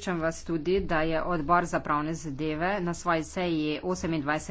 Obveščam vas tudi, da je odbor za pravne zadeve na svoji seji 28.